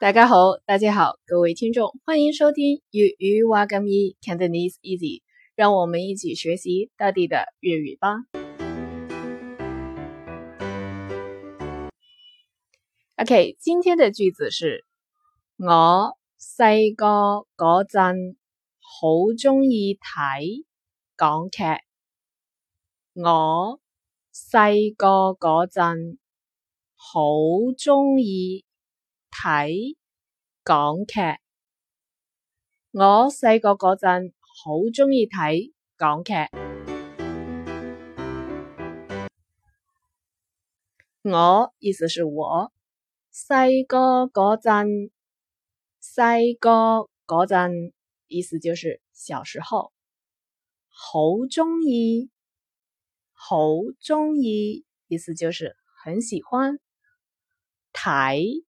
大家好，大家好，各位聽眾，歡迎收聽粵語話咁易，Cantonese Easy，讓我們一起學習地道嘅粵語吧。OK，今天的句子是：我細個嗰陣好鍾意睇港劇。我細個嗰陣好鍾意。睇港劇，我細個嗰陣好鍾意睇港劇。我意思是我細個嗰陣，細個嗰陣意思就是小時候好鍾意，好鍾意意思就是很喜歡睇。